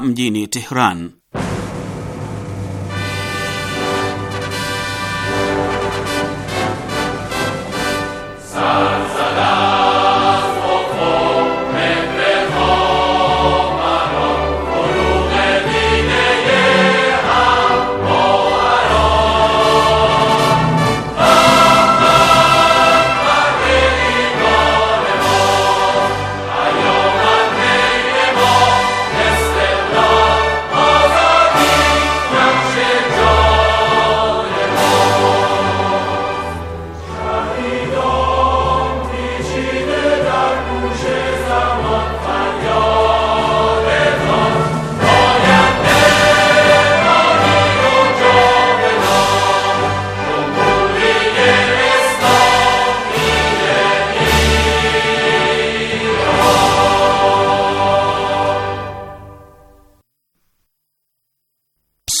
mjini Tehran.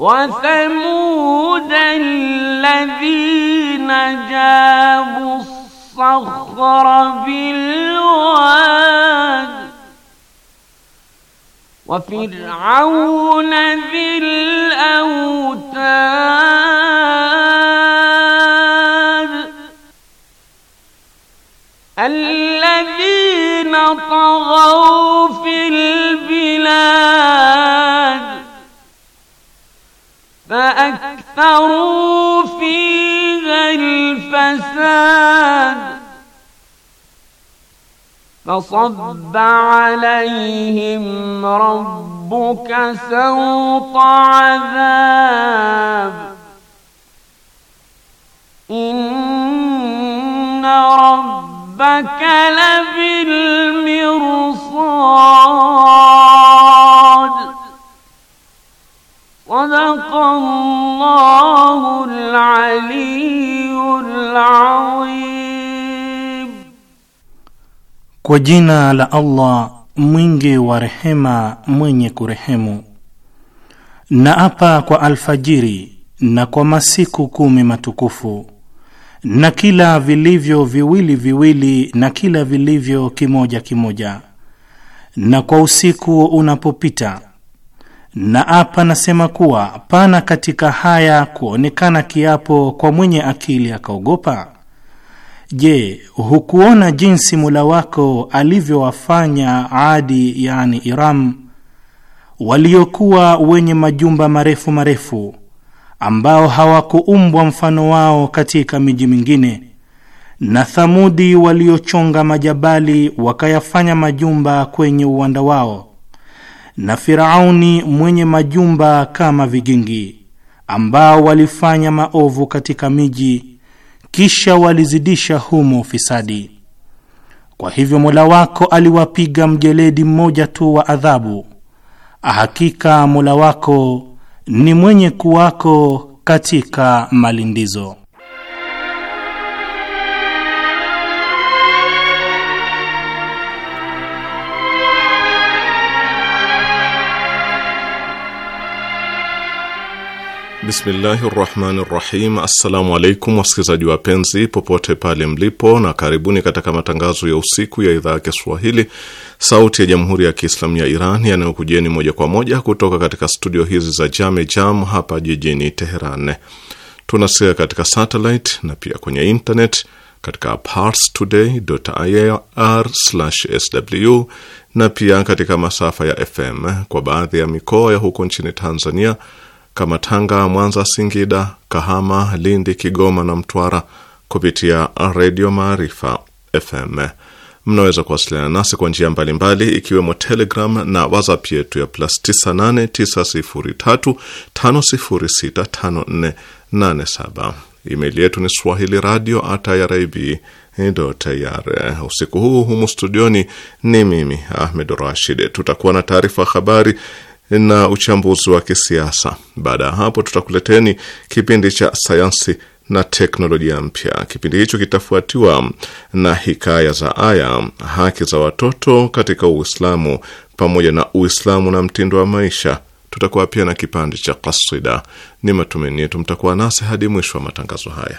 وثمود الذين جابوا الصخر بالواد وفرعون ذي الأوتاد الذين طغوا في البلاد فأكثروا فيها الفساد فصب عليهم ربك سوط عذاب إن ربك لبالمرصاد Kwa jina la Allah mwingi wa rehema mwenye kurehemu. Na apa kwa alfajiri na kwa masiku kumi matukufu na kila vilivyo viwili viwili na kila vilivyo kimoja kimoja na kwa usiku unapopita na apa nasema kuwa pana katika haya kuonekana kiapo kwa mwenye akili akaogopa. Je, hukuona jinsi mula wako alivyowafanya Adi, yani Iram, waliokuwa wenye majumba marefu marefu ambao hawakuumbwa mfano wao katika miji mingine, na Thamudi waliochonga majabali wakayafanya majumba kwenye uwanda wao na Firauni mwenye majumba kama vigingi, ambao walifanya maovu katika miji, kisha walizidisha humo fisadi. Kwa hivyo Mola wako aliwapiga mjeledi mmoja tu wa adhabu. Hakika Mola wako ni mwenye kuwako katika malindizo. Bismillahi rahmani rahim. Assalamu alaikum wasikilizaji wapenzi popote pale mlipo, na karibuni katika matangazo ya usiku ya idhaa ya Kiswahili sauti ya jamhuri ya Kiislamu ya Iran yanayokujieni moja kwa moja kutoka katika studio hizi za Jame Jam hapa jijini Teheran. Tunasikia katika satellite na pia kwenye internet katika parstoday.ir/sw na pia katika masafa ya FM kwa baadhi ya mikoa ya huko nchini Tanzania kama Tanga, Mwanza, Singida, Kahama, Lindi, Kigoma na Mtwara kupitia Redio Maarifa FM. Mnaweza kuwasiliana nasi kwa njia mbalimbali ikiwemo Telegram na WhatsApp yetu ya plus 989035065487. Email yetu ni swahili radio at irib ir. Usiku huu humu studioni ni mimi Ahmed Rashid. Tutakuwa na taarifa habari na uchambuzi wa kisiasa. Baada ya hapo, tutakuleteni kipindi cha sayansi na teknolojia mpya. Kipindi hicho kitafuatiwa na hikaya za aya, haki za watoto katika Uislamu pamoja na Uislamu na mtindo wa maisha. Tutakuwa pia na kipande cha kasida. Ni matumaini yetu mtakuwa nasi hadi mwisho wa matangazo haya.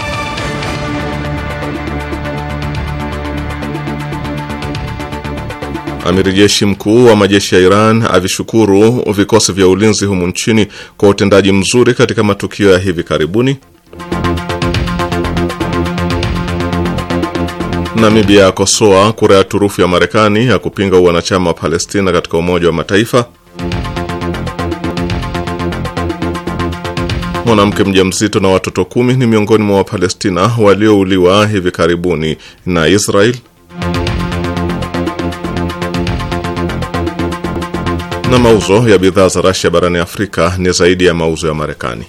Amiri jeshi mkuu wa majeshi ya Iran avishukuru vikosi vya ulinzi humu nchini kwa utendaji mzuri katika matukio ya hivi karibuni. Namibia akosoa kura ya turufu ya Marekani ya kupinga uwanachama wa Palestina katika Umoja wa Mataifa. Mwanamke mjamzito na watoto kumi ni miongoni mwa Wapalestina waliouliwa hivi karibuni na Israel. na mauzo ya bidhaa za Rasia barani Afrika ni zaidi ya mauzo ya Marekani.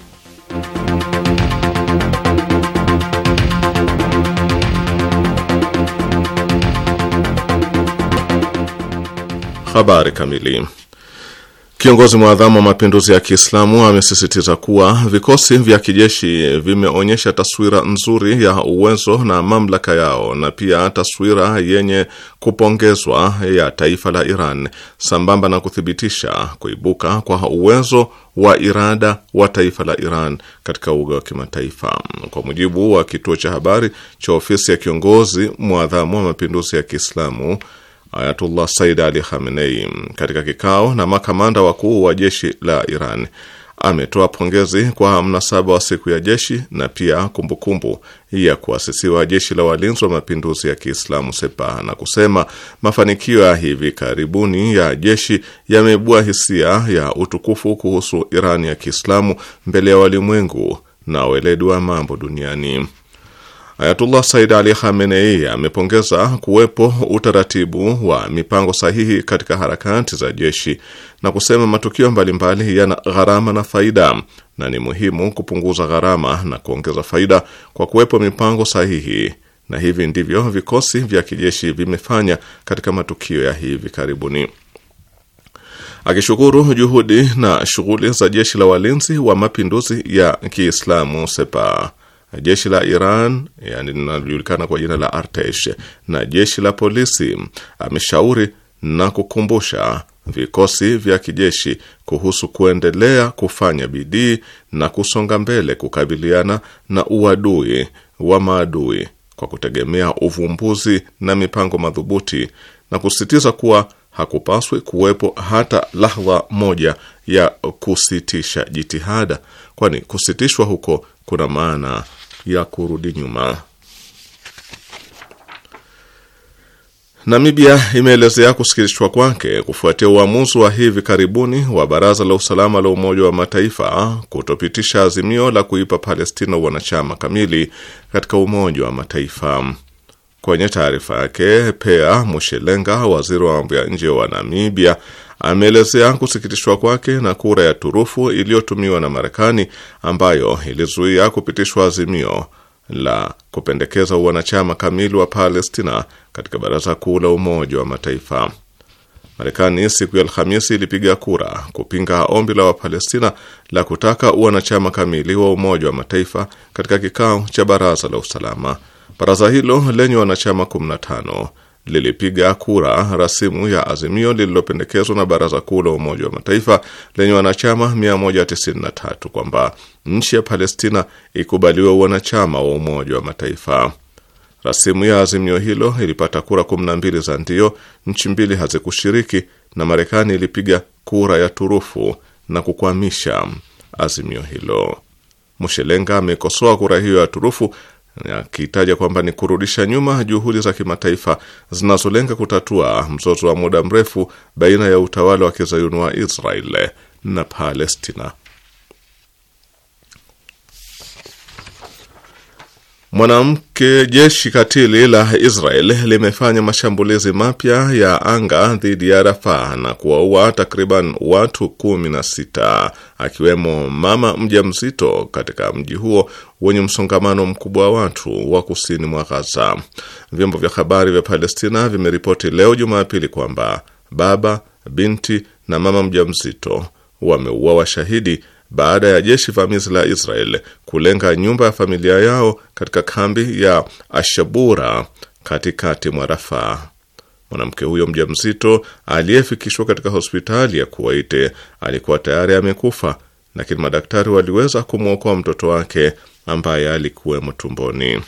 Habari kamili. Kiongozi mwadhamu wa mapinduzi ya Kiislamu amesisitiza kuwa vikosi vya kijeshi vimeonyesha taswira nzuri ya uwezo na mamlaka yao na pia taswira yenye kupongezwa ya taifa la Iran sambamba na kuthibitisha kuibuka kwa uwezo wa irada wa taifa la Iran katika uga wa kimataifa. Kwa mujibu wa kituo cha habari cha ofisi ya kiongozi mwadhamu wa mapinduzi ya Kiislamu Ayatullah Said Ali Khamenei katika kikao na makamanda wakuu wa jeshi la Iran ametoa pongezi kwa mnasaba wa siku ya jeshi na pia kumbukumbu kumbu ya kuasisiwa jeshi la walinzi wa mapinduzi ya Kiislamu Sepah na kusema mafanikio ya hivi karibuni ya jeshi yameibua hisia ya utukufu kuhusu iran ya Kiislamu mbele ya walimwengu na weledi wa mambo duniani. Ayatullah Said Ali Khamenei amepongeza kuwepo utaratibu wa mipango sahihi katika harakati za jeshi na kusema matukio mbalimbali yana gharama na faida na ni muhimu kupunguza gharama na kuongeza faida kwa kuwepo mipango sahihi, na hivi ndivyo vikosi vya kijeshi vimefanya katika matukio ya hivi karibuni. Akishukuru juhudi na shughuli za jeshi la walinzi wa mapinduzi ya Kiislamu sepa jeshi la Iran yani linalojulikana kwa jina la Artesh na jeshi la polisi, ameshauri na kukumbusha vikosi vya kijeshi kuhusu kuendelea kufanya bidii na kusonga mbele kukabiliana na uadui wa maadui kwa kutegemea uvumbuzi na mipango madhubuti na kusisitiza kuwa hakupaswi kuwepo hata lahdha moja ya kusitisha jitihada, kwani kusitishwa huko kuna maana ya kurudi nyuma. Namibia imeelezea kusikitishwa kwake kufuatia uamuzi wa hivi karibuni wa Baraza la Usalama la Umoja wa Mataifa kutopitisha azimio la kuipa Palestina wanachama kamili katika Umoja wa Mataifa. Kwenye taarifa yake, Pea Mushelenga, waziri wa mambo ya nje wa Namibia, ameelezea kusikitishwa kwake na kura ya turufu iliyotumiwa na Marekani ambayo ilizuia kupitishwa azimio la kupendekeza uwanachama kamili wa Palestina katika Baraza Kuu la Umoja wa Mataifa. Marekani siku ya Alhamisi ilipiga kura kupinga ombi la Wapalestina la kutaka uwanachama kamili wa Umoja wa Mataifa katika kikao cha Baraza la Usalama. Baraza hilo lenye wanachama 15 lilipiga kura rasimu ya azimio lililopendekezwa na Baraza Kuu la Umoja wa Mataifa lenye wanachama 193 kwamba nchi ya Palestina ikubaliwe wanachama wa Umoja wa Mataifa. Rasimu ya azimio hilo ilipata kura 12 za ndio, nchi mbili hazikushiriki, na Marekani ilipiga kura ya turufu na kukwamisha azimio hilo. Mushelenga amekosoa kura hiyo ya turufu akitaja kwamba ni kurudisha nyuma juhudi za kimataifa zinazolenga kutatua mzozo wa muda mrefu baina ya utawala wa kizayuni wa Israel na Palestina. Mwanamke, jeshi katili la Israel limefanya mashambulizi mapya ya anga dhidi ya Rafah na kuwaua takriban watu kumi na sita akiwemo mama mjamzito katika mji huo wenye msongamano mkubwa wa watu wa kusini mwa Gaza. Vyombo vya habari vya Palestina vimeripoti leo Jumapili kwamba baba, binti na mama mjamzito wameuawa shahidi baada ya jeshi vamizi la Israel kulenga nyumba ya familia yao katika kambi ya Ashabura katikati mwa rafa Mwanamke huyo mjamzito aliyefikishwa katika hospitali ya Kuwait alikuwa tayari amekufa, lakini madaktari waliweza kumwokoa mtoto wake ambaye alikuwemo tumboni.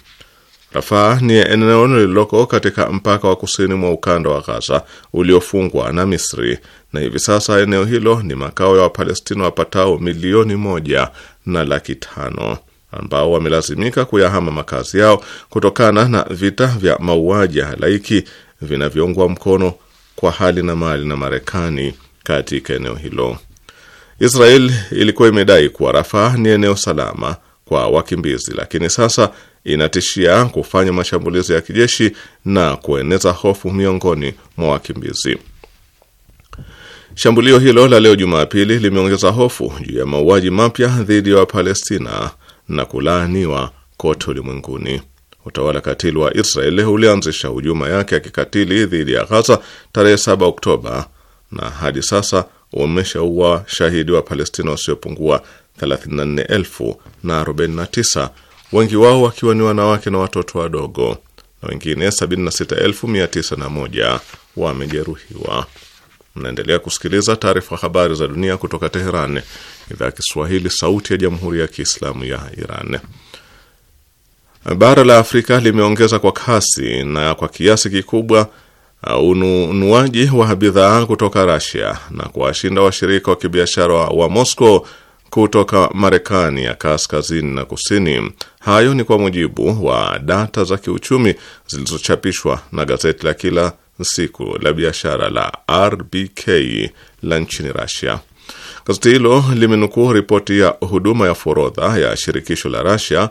Rafaa ni eneo lililoko katika mpaka wa kusini mwa ukanda wa Ghaza uliofungwa na Misri, na hivi sasa eneo hilo ni makao ya Wapalestina wapatao milioni moja na laki tano ambao wamelazimika kuyahama makazi yao kutokana na vita vya mauaji ya halaiki vinavyoungwa mkono kwa hali na mali na Marekani katika eneo hilo. Israel ilikuwa imedai kuwa Rafaa ni eneo salama kwa wakimbizi, lakini sasa inatishia kufanya mashambulizi ya kijeshi na kueneza hofu miongoni mwa wakimbizi. Shambulio hilo la leo Jumapili limeongeza hofu juu ya mauaji mapya dhidi ya Wapalestina na kulaaniwa kote ulimwenguni. Utawala katili wa Israeli ulianzisha hujuma yake ya kikatili dhidi ya Ghaza tarehe 7 Oktoba na hadi sasa umeshaua shahidi wa Palestina wasiopungua 34,049 wengi wao wakiwa ni wanawake na watoto wadogo, na wengine 76901 wamejeruhiwa. Mnaendelea kusikiliza taarifa habari za dunia kutoka Teheran, idhaa ya Kiswahili, sauti ya jamhuri ya kiislamu ya Iran. Bara la Afrika limeongeza kwa kasi na kwa kiasi kikubwa uh, ununuaji wa bidhaa kutoka Rasia na kuwashinda washirika wa kibiashara wa Moscow kutoka Marekani ya kaskazini na kusini. Hayo ni kwa mujibu wa data za kiuchumi zilizochapishwa na gazeti la kila siku la biashara la RBK la nchini Russia. Gazeti hilo limenukuu ripoti ya huduma ya forodha ya shirikisho la Russia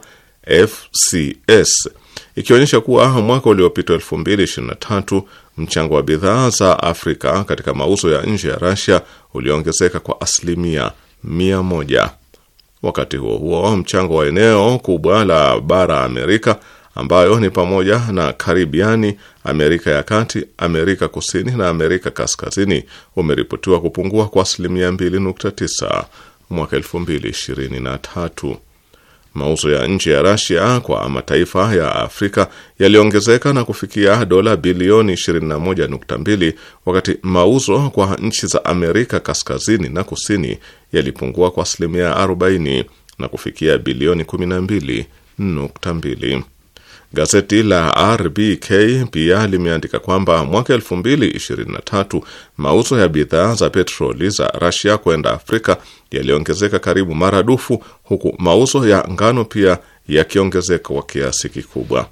FCS ikionyesha kuwa mwaka uliopita 2023 mchango wa bidhaa za Afrika katika mauzo ya nje ya Russia uliongezeka kwa asilimia mia moja. Wakati huo huo, mchango wa eneo kubwa la bara Amerika ambayo ni pamoja na Karibiani, Amerika ya Kati, Amerika Kusini na Amerika Kaskazini umeripotiwa kupungua kwa asilimia 2.9 mwaka 2023. Mauzo ya nje ya Rasia kwa mataifa ya Afrika yaliongezeka na kufikia dola bilioni 21.2 wakati mauzo kwa nchi za Amerika kaskazini na kusini yalipungua kwa asilimia 40 na kufikia bilioni 12.2. Gazeti la RBK pia limeandika kwamba mwaka tatu mauzo ya bidhaa za petroli za rasia kwenda Afrika yaliongezeka karibu maradufu, huku mauzo ya ngano pia yakiongezeka kwa kiasi kikubwa.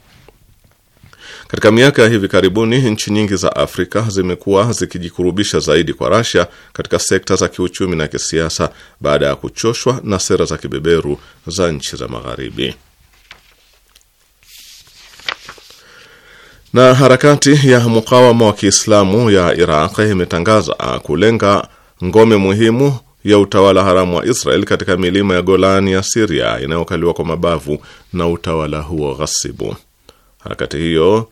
Katika miaka ya hivi karibuni nchi nyingi za Afrika zimekuwa zikijikurubisha zaidi kwa rasia katika sekta za kiuchumi na kisiasa baada ya kuchoshwa na sera za kibeberu za nchi za Magharibi. Na harakati ya mukawama wa Kiislamu ya Iraq imetangaza kulenga ngome muhimu ya utawala haramu wa Israel katika milima ya Golani ya Siria inayokaliwa kwa mabavu na utawala huo ghasibu. Harakati hiyo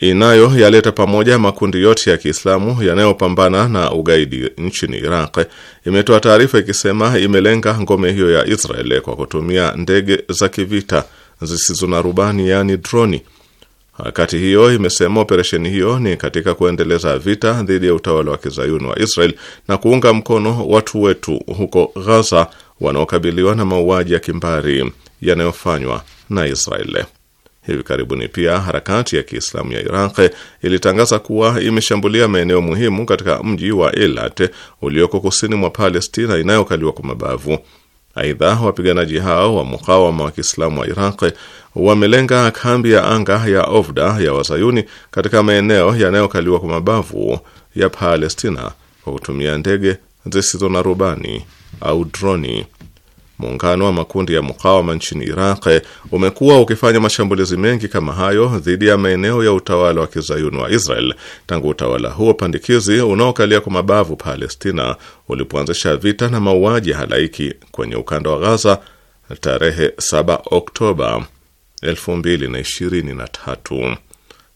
inayo yaleta pamoja makundi yote ya Kiislamu yanayopambana na ugaidi nchini Iraq imetoa taarifa ikisema imelenga ngome hiyo ya Israel kwa kutumia ndege za kivita zisizo na rubani, yaani droni, Wakati hiyo imesema operesheni hiyo ni katika kuendeleza vita dhidi ya utawala wa kizayuni wa Israel na kuunga mkono watu wetu huko Ghaza wanaokabiliwa na mauaji ya kimbari yanayofanywa na Israel. Hivi karibuni pia harakati ya Kiislamu ya Iraq ilitangaza kuwa imeshambulia maeneo muhimu katika mji wa elat ulioko kusini mwa Palestina inayokaliwa kwa mabavu. Aidha, wapiganaji hao wa mukawama wa Kiislamu wa Iraq wamelenga kambi ya anga ya Ofda ya Wazayuni katika maeneo yanayokaliwa kwa mabavu ya Palestina kwa kutumia ndege zisizo na rubani au droni. Muungano wa makundi ya mukawama nchini Iraq umekuwa ukifanya mashambulizi mengi kama hayo dhidi ya maeneo ya utawala wa kizayuni wa Israel tangu utawala huo pandikizi unaokalia kwa mabavu Palestina ulipoanzisha vita na mauaji ya halaiki kwenye ukanda wa Gaza tarehe 7 Oktoba 2023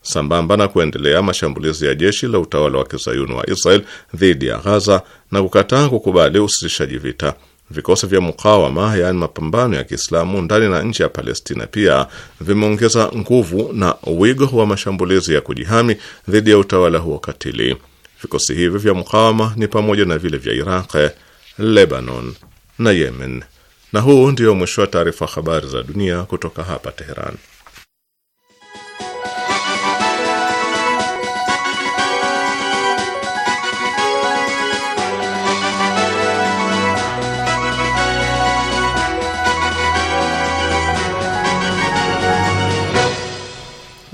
sambamba na kuendelea mashambulizi ya jeshi la utawala wa kizayuni wa Israel dhidi ya Gaza na kukataa kukubali usitishaji vita. Vikosi vya mukawama, yaani mapambano ya Kiislamu ndani na nchi ya Palestina, pia vimeongeza nguvu na wigo wa mashambulizi ya kujihami dhidi ya utawala huo katili. Vikosi hivyo vya mukawama ni pamoja na vile vya Iraq, Lebanon na Yemen. Na huu ndio mwisho wa taarifa habari za dunia kutoka hapa Teheran.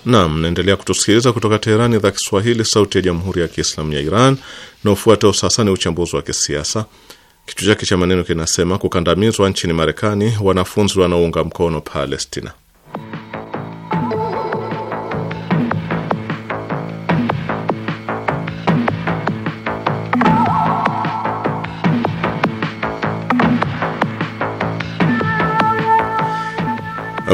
Naam, naendelea kutusikiliza kutoka Teherani, idhaa Kiswahili, sauti ya jamhuri ya kiislamu ya Iran. Na ufuatao sasa ni uchambuzi wa kisiasa, kichwa chake cha maneno kinasema kukandamizwa nchini Marekani wanafunzi wanaounga mkono Palestina.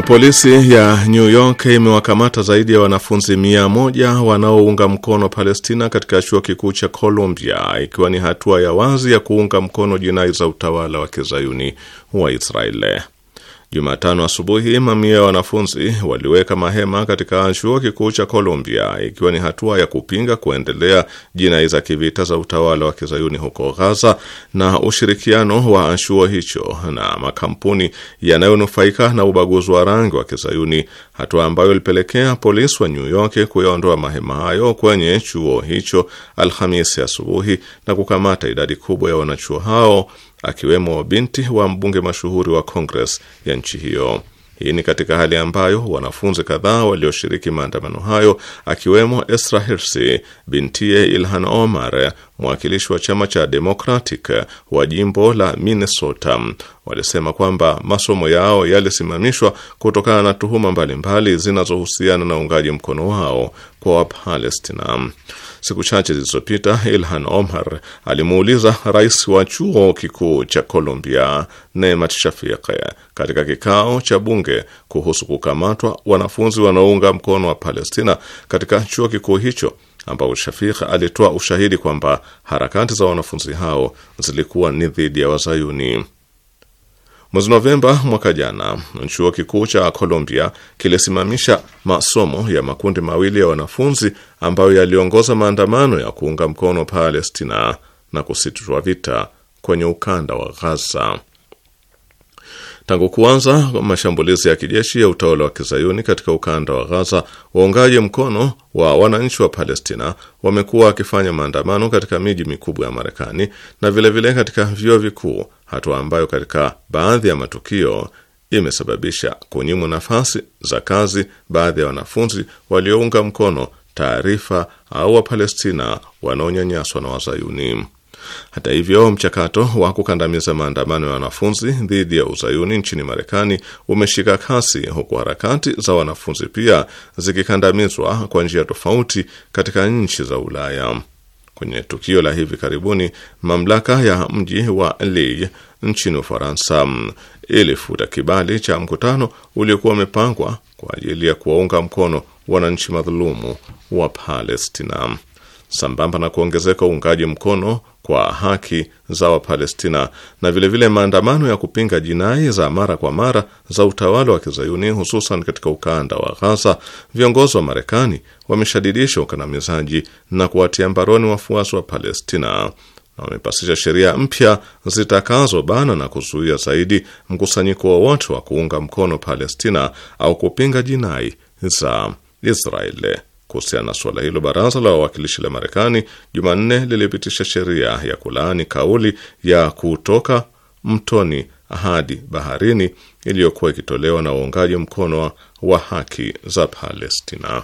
Polisi ya New York imewakamata zaidi ya wanafunzi mia moja wanaounga mkono Palestina katika chuo kikuu cha Columbia, ikiwa ni hatua ya wazi ya kuunga mkono jinai za utawala wa kizayuni wa Israeli. Jumatano asubuhi, mamia ya wanafunzi waliweka mahema katika chuo kikuu cha Columbia ikiwa ni hatua ya kupinga kuendelea jinai za kivita za utawala wa kizayuni huko ghaza na ushirikiano wa chuo hicho na makampuni yanayonufaika na ubaguzi wa rangi wa kizayuni, hatua ambayo ilipelekea polisi wa New York kuyaondoa mahema hayo kwenye chuo hicho Alhamisi asubuhi na kukamata idadi kubwa ya wanachuo hao akiwemo binti wa mbunge mashuhuri wa Kongres ya nchi hiyo. Hii ni katika hali ambayo wanafunzi kadhaa walioshiriki maandamano hayo akiwemo Esra Hirsi bintie Ilhan Omar, mwakilishi wa chama cha Democratic wa jimbo la Minnesota, walisema kwamba masomo yao yalisimamishwa kutokana na tuhuma mbalimbali zinazohusiana na uungaji mkono wao kwa Wapalestina. Siku chache zilizopita, Ilhan Omar alimuuliza rais wa chuo kikuu cha Colombia Nemat Shafiq katika kikao cha bunge kuhusu kukamatwa wanafunzi wanaounga mkono wa Palestina katika chuo kikuu hicho ambao Shafiq alitoa ushahidi kwamba harakati za wanafunzi hao zilikuwa ni dhidi ya Wazayuni. Mwezi Novemba mwaka jana, chuo kikuu cha Colombia kilisimamisha masomo ya makundi mawili ya wanafunzi ambayo yaliongoza maandamano ya kuunga mkono Palestina na kusitishwa vita kwenye ukanda wa Gaza. Tangu kuanza mashambulizi ya kijeshi ya utawala wa kizayuni katika ukanda wa Gaza, waungaji mkono wa wananchi wa Palestina wamekuwa wakifanya maandamano katika miji mikubwa ya Marekani na vilevile vile katika vyuo vikuu hatua ambayo katika baadhi ya matukio imesababisha kunyimwa nafasi za kazi baadhi ya wanafunzi waliounga mkono taarifa au Wapalestina wanaonyanyaswa na Wazayuni. Hata hivyo, mchakato wa kukandamiza maandamano ya wanafunzi dhidi ya uzayuni nchini Marekani umeshika kasi, huku harakati za wanafunzi pia zikikandamizwa kwa njia tofauti katika nchi za Ulaya. Kwenye tukio la hivi karibuni, mamlaka ya mji wa Lille nchini Ufaransa ilifuta kibali cha mkutano uliokuwa umepangwa kwa ajili ya kuwaunga mkono wananchi madhulumu wa Palestina sambamba na kuongezeka uungaji mkono kwa haki za Wapalestina na vilevile vile maandamano ya kupinga jinai za mara kwa mara za utawala wa Kizayuni, hususan katika ukanda wa Ghaza, viongozi wa Marekani wameshadidisha ukandamizaji na kuwatia mbaroni wafuasi wa Palestina na wamepasisha sheria mpya zitakazobana na kuzuia zaidi mkusanyiko wowote wa, wa kuunga mkono Palestina au kupinga jinai za Israeli. Kuhusiana na suala hilo, baraza la wawakilishi la Marekani Jumanne lilipitisha sheria ya kulaani kauli ya kutoka mtoni hadi baharini iliyokuwa ikitolewa na uungaji mkono wa haki za Palestina.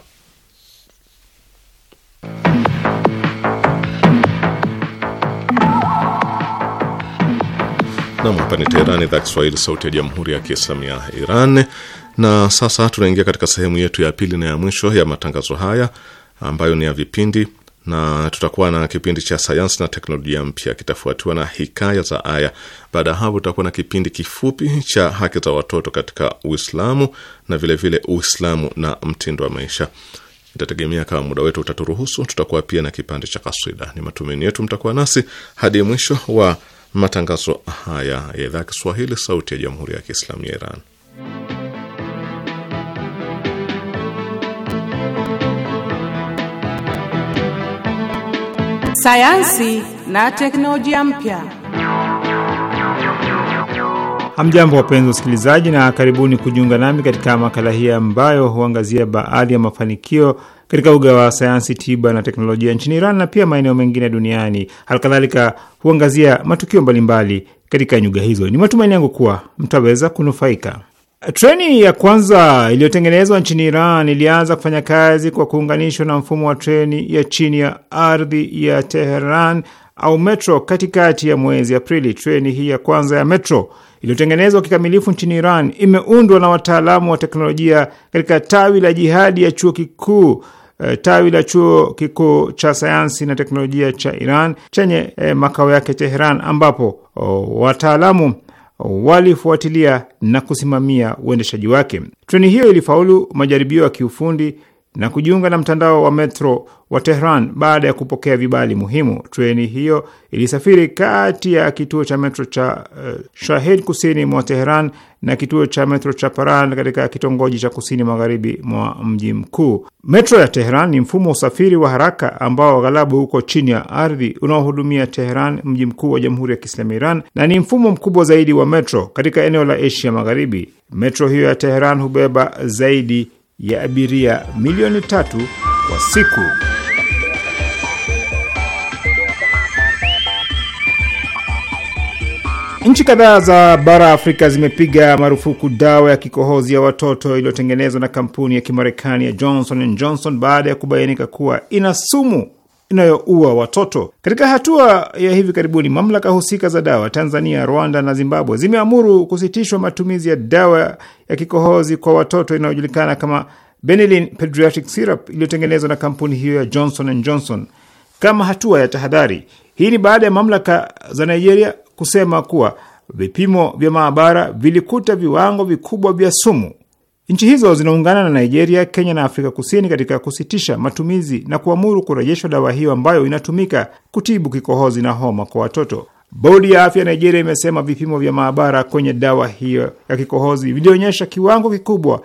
Nam, hapa ni Teherani, idhaa Kiswahili, sauti ya jamhuri ya kiislamu ya Iran. Na sasa tunaingia katika sehemu yetu ya pili na ya mwisho ya matangazo haya ambayo ni ya vipindi, na tutakuwa na kipindi cha sayansi na teknolojia mpya, kitafuatiwa na hikaya za aya. Baada ya hapo, tutakuwa na kipindi kifupi cha haki za watoto katika Uislamu na vilevile vile Uislamu na mtindo wa maisha. Itategemea kama muda wetu utaturuhusu, tutakuwa pia na kipande cha kaswida. Ni matumaini yetu mtakuwa nasi hadi mwisho wa matangazo haya ya idhaa ya Kiswahili, Sauti ya Jamhuri ya Kiislamu ya Iran. sayansi na teknolojia mpya. Hamjambo, wapenzi wasikilizaji, na karibuni kujiunga nami katika makala hii ambayo huangazia baadhi ya mafanikio katika uga wa sayansi tiba na teknolojia nchini Iran na pia maeneo mengine duniani. Halikadhalika huangazia matukio mbalimbali katika nyuga hizo. Ni matumaini yangu kuwa mtaweza kunufaika. Treni ya kwanza iliyotengenezwa nchini Iran ilianza kufanya kazi kwa kuunganishwa na mfumo wa treni ya chini ya ardhi ya Teheran au metro katikati ya mwezi Aprili. Treni hii ya kwanza ya metro iliyotengenezwa kikamilifu nchini Iran imeundwa na wataalamu wa teknolojia katika tawi la jihadi ya chuo kikuu E, tawi la chuo kikuu cha sayansi na teknolojia cha Iran chenye e, makao yake Teheran ambapo oh, wataalamu walifuatilia na kusimamia uendeshaji wake. Treni hiyo ilifaulu majaribio ya kiufundi na kujiunga na mtandao wa metro wa Tehran baada ya kupokea vibali muhimu. Treni hiyo ilisafiri kati ya kituo cha metro cha uh, eh, Shahid kusini mwa Tehran na kituo cha metro cha Paran katika kitongoji cha kusini magharibi mwa mji mkuu. Metro ya Tehran ni mfumo wa usafiri wa haraka ambao aghalabu huko chini ya ardhi unaohudumia Tehran, mji mkuu wa Jamhuri ya Kiislamu Iran, na ni mfumo mkubwa zaidi wa metro katika eneo la Asia Magharibi. Metro hiyo ya Tehran hubeba zaidi ya abiria milioni tatu kwa siku. Nchi kadhaa za bara Afrika zimepiga marufuku dawa ya kikohozi ya watoto iliyotengenezwa na kampuni ya Kimarekani ya Johnson and Johnson baada ya kubainika kuwa ina sumu inayoua watoto. Katika hatua ya hivi karibuni, mamlaka husika za dawa Tanzania, Rwanda na Zimbabwe zimeamuru kusitishwa matumizi ya dawa ya kikohozi kwa watoto inayojulikana kama Benylin Pediatric Syrup iliyotengenezwa na kampuni hiyo ya Johnson and Johnson kama hatua ya tahadhari. Hii ni baada ya mamlaka za Nigeria kusema kuwa vipimo vya maabara vilikuta viwango vikubwa vya sumu Nchi hizo zinaungana na Nigeria, Kenya na Afrika Kusini katika kusitisha matumizi na kuamuru kurejeshwa dawa hiyo ambayo inatumika kutibu kikohozi na homa kwa watoto. Bodi ya afya ya Nigeria imesema vipimo vya maabara kwenye dawa hiyo ya kikohozi vilionyesha kiwango kikubwa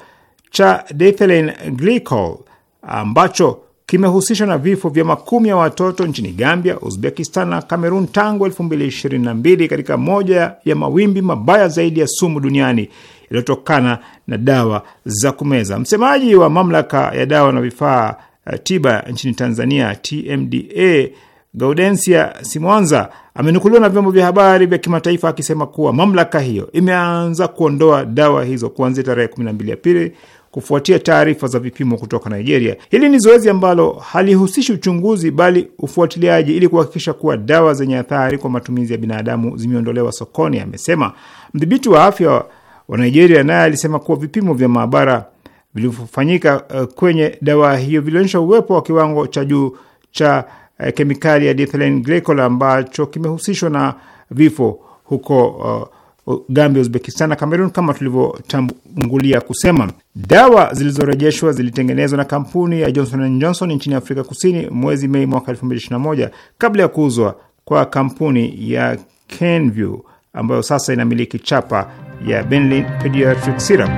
cha diethylene glycol ambacho kimehusishwa na vifo vya makumi ya watoto nchini Gambia, Uzbekistan na Kamerun tangu 2022 katika moja ya mawimbi mabaya zaidi ya sumu duniani iliyotokana na dawa za kumeza. Msemaji wa mamlaka ya dawa na vifaa eh, tiba nchini Tanzania, TMDA, Gaudensia Simwanza amenukuliwa na vyombo vya habari vya kimataifa akisema kuwa mamlaka hiyo imeanza kuondoa dawa hizo kuanzia tarehe 12 Aprili kufuatia taarifa za vipimo kutoka Nigeria. Hili ni zoezi ambalo halihusishi uchunguzi bali ufuatiliaji ili kuhakikisha kuwa dawa zenye athari kwa matumizi ya binadamu zimeondolewa sokoni, amesema. Mdhibiti wa afya wa Nigeria naye alisema kuwa vipimo vya maabara vilivyofanyika eh, kwenye dawa hiyo vilionyesha uwepo wa kiwango cha juu cha eh, kemikali ya diethylene glycol ambacho kimehusishwa na vifo huko uh, Gambia, Uzbekistan na Cameroon. Kama tulivyotangulia kusema, dawa zilizorejeshwa zilitengenezwa na kampuni ya Johnson and Johnson nchini Afrika Kusini mwezi Mei mwaka 2021 kabla ya kuuzwa kwa kampuni ya Kenview ambayo sasa inamiliki chapa ya Benlin Pediatric Syrup.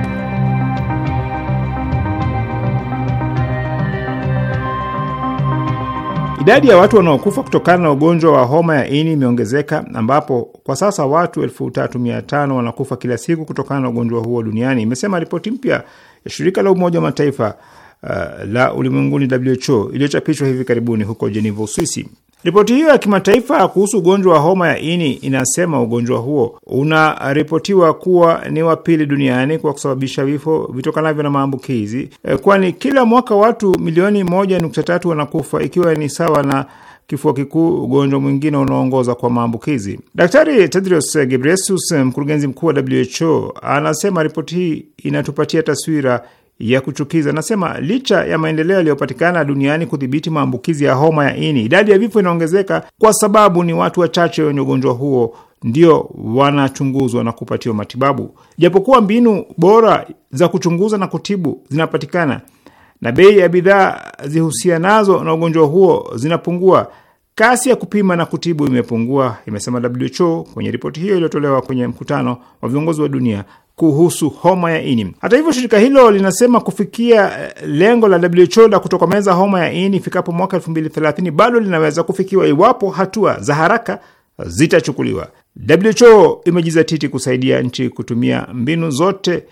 Idadi ya watu wanaokufa kutokana na ugonjwa wa homa ya ini imeongezeka ambapo kwa sasa watu 3500 wanakufa kila siku kutokana na ugonjwa huo duniani, imesema ripoti mpya ya shirika la Umoja wa Mataifa uh, la ulimwenguni WHO iliyochapishwa hivi karibuni huko Jeneva, Uswisi. Ripoti hiyo ya kimataifa kuhusu ugonjwa wa homa ya ini inasema ugonjwa huo unaripotiwa kuwa ni wa pili duniani kwa kusababisha vifo vitokanavyo na maambukizi, eh, kwani kila mwaka watu milioni moja nukta tatu wanakufa ikiwa ni sawa na kifua kikuu, ugonjwa mwingine unaoongoza kwa maambukizi. Daktari Tedros Ghebreyesus, mkurugenzi mkuu wa WHO, anasema ripoti hii inatupatia taswira ya kuchukiza. Anasema licha ya maendeleo yaliyopatikana duniani kudhibiti maambukizi ya homa ya ini, idadi ya vifo inaongezeka kwa sababu ni watu wachache wenye ugonjwa huo ndio wanachunguzwa na kupatiwa matibabu. Japokuwa mbinu bora za kuchunguza na kutibu zinapatikana na bei ya bidhaa zihusianazo na ugonjwa huo zinapungua, kasi ya kupima na kutibu imepungua, imesema WHO kwenye ripoti hiyo iliyotolewa kwenye mkutano wa viongozi wa dunia kuhusu homa ya ini. Hata hivyo, shirika hilo linasema kufikia eh, lengo la WHO la kutokomeza homa ya ini ifikapo mwaka 2030 bado linaweza kufikiwa iwapo hatua za haraka zitachukuliwa. WHO imejizatiti kusaidia nchi kutumia mbinu zote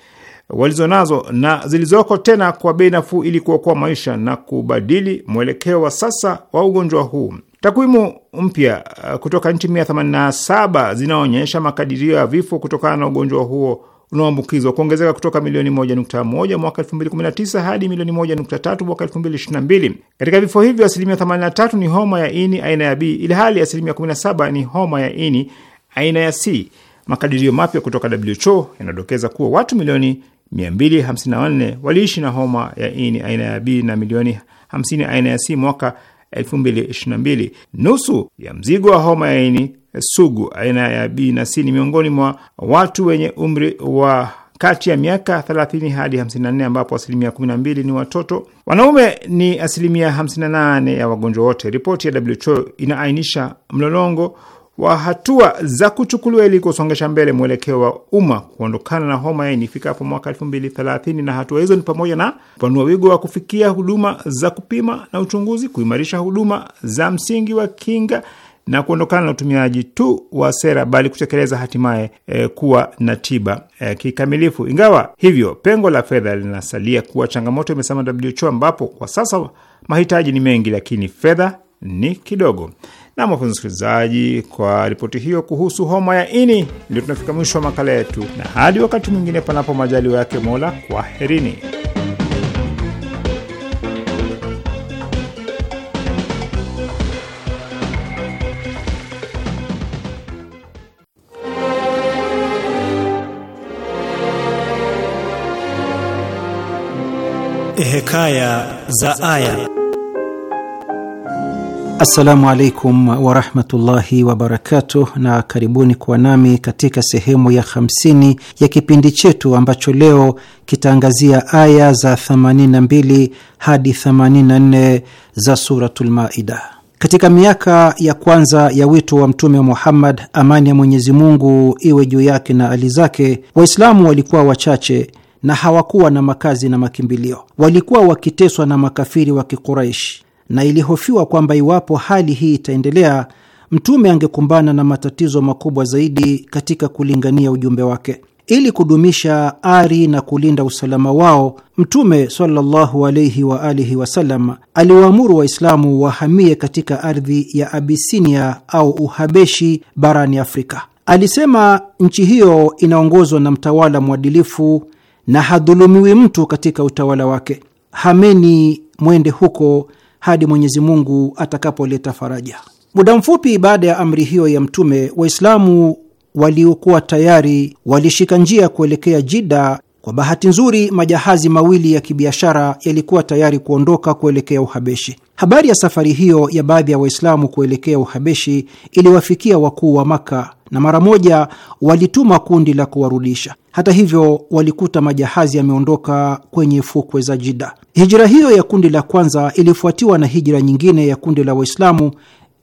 walizonazo na zilizoko tena kwa bei nafuu ili kuokoa maisha na kubadili mwelekeo wa sasa wa ugonjwa huu. Takwimu mpya eh, kutoka nchi 187 zinaonyesha makadirio ya vifo kutokana na ugonjwa huo unaoambukizwa kuongezeka kutoka milioni 1.1 mwaka 2019 hadi milioni 1.3 mwaka 2022. Katika vifo hivyo asilimia 83 ni homa ya ini aina ya B ili hali asilimia 17 ni homa ya ini aina ya C. Makadirio mapya kutoka WHO yanadokeza kuwa watu milioni 254 waliishi na homa ya ini aina ya B na milioni 50 aina ya C mwaka 2022. Nusu ya mzigo wa homa ya ini sugu aina ya B na C ni miongoni mwa watu wenye umri wa kati ya miaka 30 hadi 54 ambapo asilimia 12 ni watoto. Wanaume ni asilimia 58 ya wagonjwa wote. Ripoti ya WHO inaainisha mlolongo wa hatua za kuchukuliwa ili kusongesha mbele mwelekeo wa umma kuondokana na homa ya ini ifikapo mwaka elfu mbili thelathini. Na hatua hizo ni pamoja na kupanua wigo wa kufikia huduma za kupima na uchunguzi, kuimarisha huduma za msingi wa kinga na kuondokana na utumiaji tu wa sera bali kutekeleza hatimaye e, kuwa na tiba e, kikamilifu. Ingawa hivyo, pengo la fedha linasalia kuwa changamoto, imesema WHO, ambapo kwa sasa mahitaji ni mengi, lakini fedha ni kidogo. Na mwapenzi msikilizaji, kwa ripoti hiyo kuhusu homa ya ini, ndio tunafika mwisho wa makala yetu, na hadi wakati mwingine, panapo majaliwa yake Mola, kwaherini. Hekaya za Aya. Assalamu alaikum warahmatullahi wabarakatuh, na karibuni kuwa nami katika sehemu ya 50 ya kipindi chetu ambacho leo kitaangazia aya za 82 hadi 84 za Suratul Maida. Katika miaka ya kwanza ya wito wa Mtume Muhammad, amani ya Mwenyezi Mungu iwe juu yake na ali zake, Waislamu walikuwa wachache na hawakuwa na makazi na makimbilio. Walikuwa wakiteswa na makafiri wa Kikuraishi na ilihofiwa kwamba iwapo hali hii itaendelea, Mtume angekumbana na matatizo makubwa zaidi katika kulingania ujumbe wake. Ili kudumisha ari na kulinda usalama wao, Mtume sallallahu wa alihi wasallam aliwaamuru Waislamu wahamie katika ardhi ya Abisinia au Uhabeshi barani Afrika. Alisema nchi hiyo inaongozwa na mtawala mwadilifu na hadhulumiwi mtu katika utawala wake. Hameni mwende huko hadi Mwenyezi Mungu atakapoleta faraja. Muda mfupi baada ya amri hiyo ya Mtume, Waislamu waliokuwa tayari walishika njia kuelekea Jida. Kwa bahati nzuri, majahazi mawili ya kibiashara yalikuwa tayari kuondoka kuelekea Uhabeshi. Habari ya safari hiyo ya baadhi ya Waislamu kuelekea Uhabeshi iliwafikia wakuu wa Maka na mara moja walituma kundi la kuwarudisha. Hata hivyo, walikuta majahazi yameondoka kwenye fukwe za Jida. Hijira hiyo ya kundi la kwanza ilifuatiwa na hijira nyingine ya kundi la Waislamu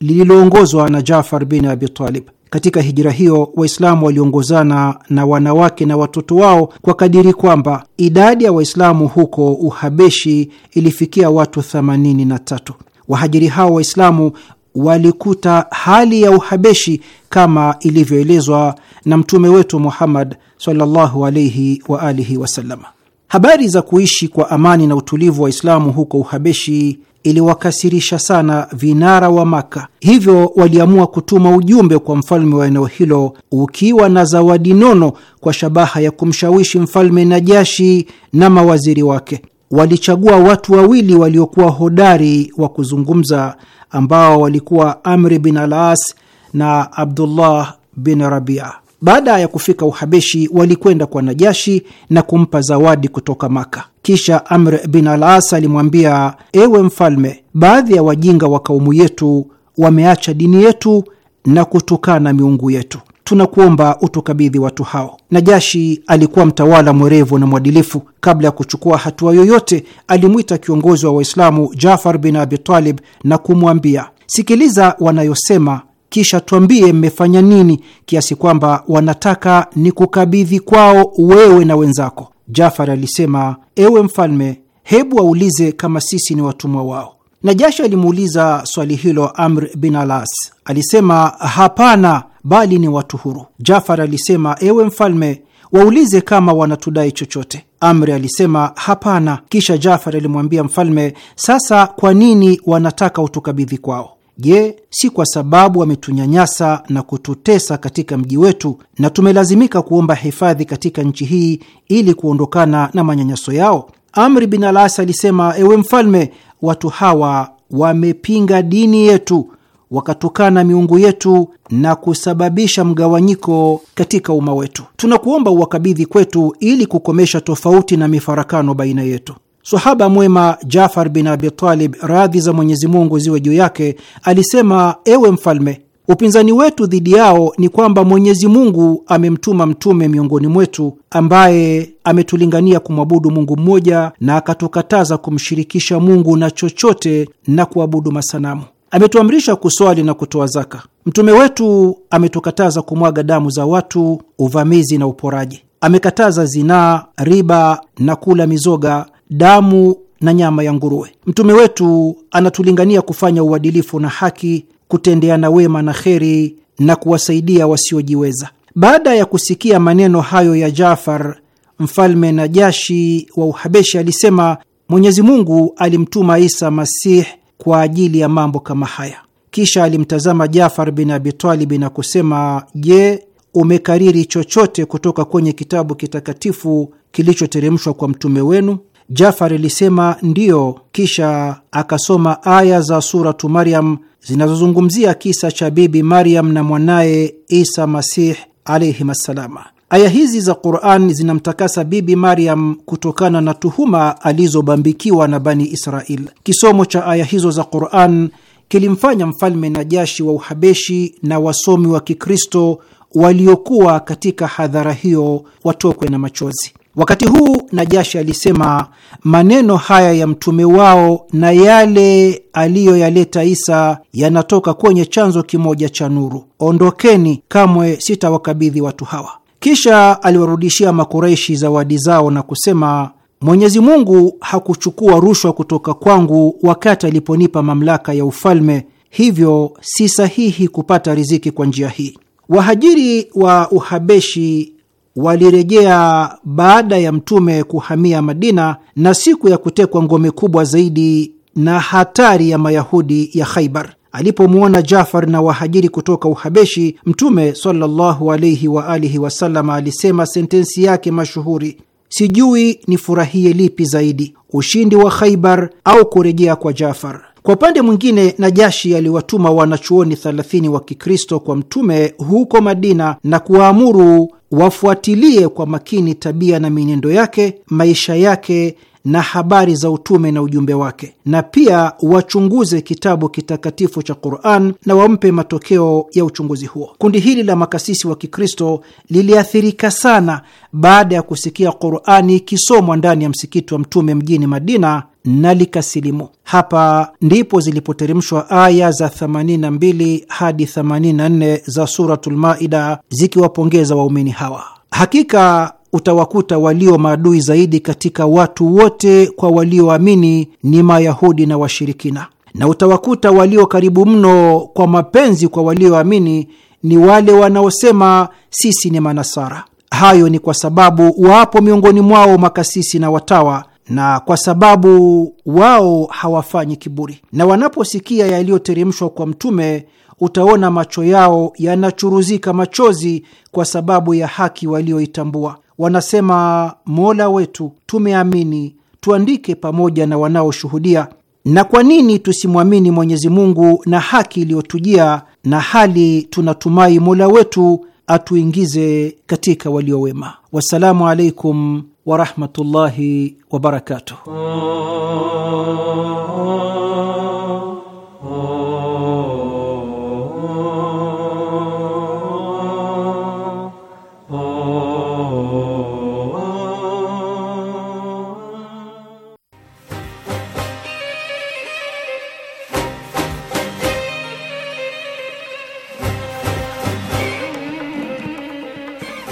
lililoongozwa na Jafar bin Abi Talib. Katika hijira hiyo Waislamu waliongozana na wanawake na watoto wao kwa kadiri kwamba idadi ya Waislamu huko Uhabeshi ilifikia watu 83. Wahajiri hao Waislamu walikuta hali ya uhabeshi kama ilivyoelezwa na mtume wetu Muhammad sallallahu alaihi wa alihi wasallam. Habari za kuishi kwa amani na utulivu wa Islamu huko Uhabeshi iliwakasirisha sana vinara wa Maka, hivyo waliamua kutuma ujumbe kwa mfalme wa eneo hilo ukiwa na zawadi nono kwa shabaha ya kumshawishi mfalme Najashi na mawaziri wake. Walichagua watu wawili waliokuwa hodari wa kuzungumza ambao walikuwa Amri bin Alas na Abdullah bin Rabia. Baada ya kufika Uhabeshi, walikwenda kwa Najashi na kumpa zawadi kutoka Maka. Kisha Amr bin Alas alimwambia, ewe mfalme, baadhi ya wajinga wa kaumu yetu wameacha dini yetu na kutukana miungu yetu tunakuomba utukabidhi watu hao. Najashi alikuwa mtawala mwerevu na mwadilifu. Kabla ya kuchukua hatua yoyote, alimwita kiongozi wa Waislamu Jafar bin Abi Talib na kumwambia, sikiliza wanayosema kisha tuambie mmefanya nini, kiasi kwamba wanataka ni kukabidhi kwao wewe na wenzako. Jafar alisema, ewe mfalme, hebu waulize kama sisi ni watumwa wao. Najashi alimuuliza swali hilo Amr bin Alas. Alisema, hapana, bali ni watu huru. Jafar alisema, ewe mfalme, waulize kama wanatudai chochote. Amri alisema hapana. Kisha Jafar alimwambia mfalme, sasa kwa nini wanataka utukabidhi kwao? Je, si kwa sababu wametunyanyasa na kututesa katika mji wetu na tumelazimika kuomba hifadhi katika nchi hii ili kuondokana na manyanyaso yao? Amri bin Alas alisema, ewe mfalme, watu hawa wamepinga dini yetu, wakatukana miungu yetu na kusababisha mgawanyiko katika umma wetu. Tunakuomba uwakabidhi kwetu ili kukomesha tofauti na mifarakano baina yetu. Sahaba mwema Jafar bin Abitalib, radhi za Mwenyezi Mungu ziwe juu yake, alisema, ewe mfalme Upinzani wetu dhidi yao ni kwamba Mwenyezi Mungu amemtuma mtume miongoni mwetu ambaye ametulingania kumwabudu Mungu mmoja na akatukataza kumshirikisha Mungu na chochote na kuabudu masanamu. Ametuamrisha kuswali na kutoa zaka. Mtume wetu ametukataza kumwaga damu za watu, uvamizi na uporaji. Amekataza zinaa, riba na kula mizoga, damu na nyama ya nguruwe. Mtume wetu anatulingania kufanya uadilifu na haki kutendeana wema na kheri na kuwasaidia wasiojiweza. Baada ya kusikia maneno hayo ya Jafar, mfalme Najashi wa Uhabeshi alisema Mwenyezi Mungu alimtuma Isa Masih kwa ajili ya mambo kama haya. Kisha alimtazama Jafar bin Abitalibi na kusema, je, umekariri chochote kutoka kwenye kitabu kitakatifu kilichoteremshwa kwa mtume wenu? Jafar alisema ndiyo. Kisha akasoma aya za Suratu Maryam zinazozungumzia kisa cha Bibi Maryam na mwanaye Isa Masih alaihim assalama. Aya hizi za Quran zinamtakasa Bibi Maryam kutokana na tuhuma alizobambikiwa na Bani Israel. Kisomo cha aya hizo za Quran kilimfanya mfalme Najashi wa Uhabeshi na wasomi wa Kikristo waliokuwa katika hadhara hiyo watokwe na machozi. Wakati huu Najashi alisema maneno haya ya mtume wao na yale aliyoyaleta Isa yanatoka kwenye chanzo kimoja cha nuru. Ondokeni, kamwe sitawakabidhi watu hawa. Kisha aliwarudishia Makureishi zawadi zao na kusema, Mwenyezi Mungu hakuchukua rushwa kutoka kwangu wakati aliponipa mamlaka ya ufalme, hivyo si sahihi kupata riziki kwa njia hii. Wahajiri wa Uhabeshi walirejea baada ya mtume kuhamia Madina na siku ya kutekwa ngome kubwa zaidi na hatari ya Mayahudi ya Khaibar. Alipomwona Jafar na wahajiri kutoka Uhabeshi, Mtume sallallahu alaihi wa alihi wasallam alisema sentensi yake mashuhuri, sijui nifurahie lipi zaidi, ushindi wa Khaibar au kurejea kwa Jafar. Kwa upande mwingine, Najashi aliwatuma wanachuoni 30 wa Kikristo kwa Mtume huko Madina na kuwaamuru wafuatilie kwa makini tabia na mienendo yake, maisha yake na habari za utume na ujumbe wake, na pia wachunguze kitabu kitakatifu cha Quran na wampe matokeo ya uchunguzi huo. Kundi hili la makasisi wa Kikristo liliathirika sana baada ya kusikia Qurani ikisomwa ndani ya msikiti wa Mtume mjini Madina na likasilimu. Hapa ndipo zilipoteremshwa aya za 82 hadi 84 za Suratul Maida zikiwapongeza waumini hawa. Hakika utawakuta walio maadui zaidi katika watu wote kwa walioamini ni Mayahudi na washirikina, na utawakuta walio karibu mno kwa mapenzi kwa walioamini ni wale wanaosema sisi ni Manasara. Hayo ni kwa sababu wapo miongoni mwao makasisi na watawa na kwa sababu wao hawafanyi kiburi, na wanaposikia yaliyoteremshwa kwa Mtume utaona macho yao yanachuruzika machozi kwa sababu ya haki walioitambua. Wanasema, Mola wetu, tumeamini, tuandike pamoja na wanaoshuhudia. Na kwa nini tusimwamini Mwenyezi Mungu na haki iliyotujia, na hali tunatumai Mola wetu atuingize katika waliowema. Wassalamu alaikum ورحمه الله وبركاته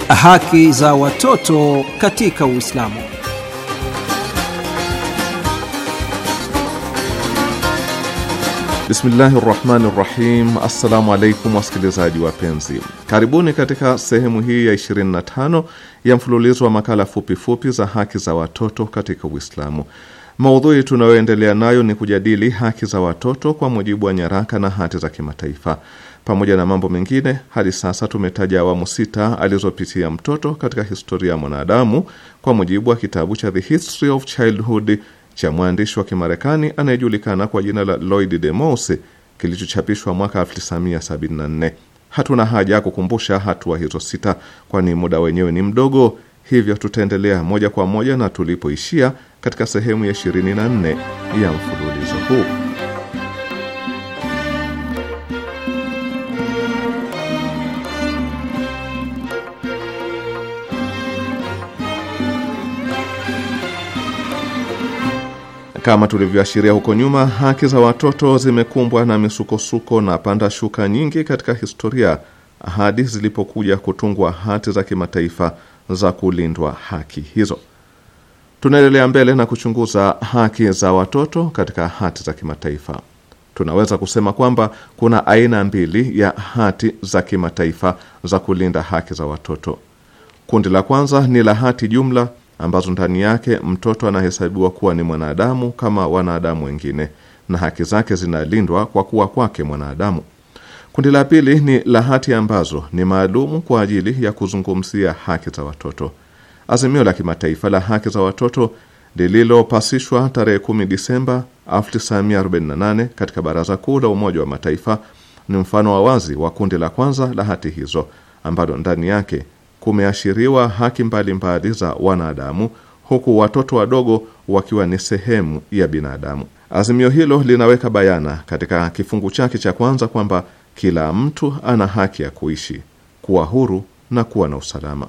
Haki za watoto katika Uislamu. Bismillahi rahmani rahim. Assalamu alaikum wasikilizaji wapenzi, karibuni katika sehemu hii ya 25 ya mfululizo wa makala fupifupi fupi za haki za watoto katika Uislamu. Maudhui tunayoendelea nayo ni kujadili haki za watoto kwa mujibu wa nyaraka na hati za kimataifa. Pamoja na mambo mengine, hadi sasa tumetaja awamu sita alizopitia mtoto katika historia ya mwanadamu kwa mujibu wa kitabu cha The History of Childhood cha mwandishi wa Kimarekani anayejulikana kwa jina la Lloyd de Mause kilichochapishwa mwaka 1974. Hatuna haja ya kukumbusha hatua hizo sita, kwani muda wenyewe ni mdogo, hivyo tutaendelea moja kwa moja na tulipoishia katika sehemu ya 24 ya mfululizo huu. Kama tulivyoashiria huko nyuma, haki za watoto zimekumbwa na misukosuko na panda shuka nyingi katika historia hadi zilipokuja kutungwa hati za kimataifa za kulindwa haki hizo. Tunaendelea mbele na kuchunguza haki za watoto katika hati za kimataifa. Tunaweza kusema kwamba kuna aina mbili ya hati za kimataifa za kulinda haki za watoto. Kundi la kwanza ni la hati jumla ambazo ndani yake mtoto anahesabiwa kuwa ni mwanadamu kama wanadamu wengine na haki zake zinalindwa kwa kuwa kwake mwanadamu. Kundi la pili ni la hati ambazo ni maalumu kwa ajili ya kuzungumzia haki za watoto. Azimio la kimataifa la haki za watoto lililopasishwa tarehe 10 Disemba 1948 katika Baraza Kuu la Umoja wa Mataifa ni mfano wa wazi wa kundi la kwanza la hati hizo ambalo ndani yake kumeashiriwa haki mbalimbali mbali za wanadamu, huku watoto wadogo wakiwa ni sehemu ya binadamu. Azimio hilo linaweka bayana katika kifungu chake cha kwanza kwamba kila mtu ana haki ya kuishi, kuwa huru na kuwa na usalama.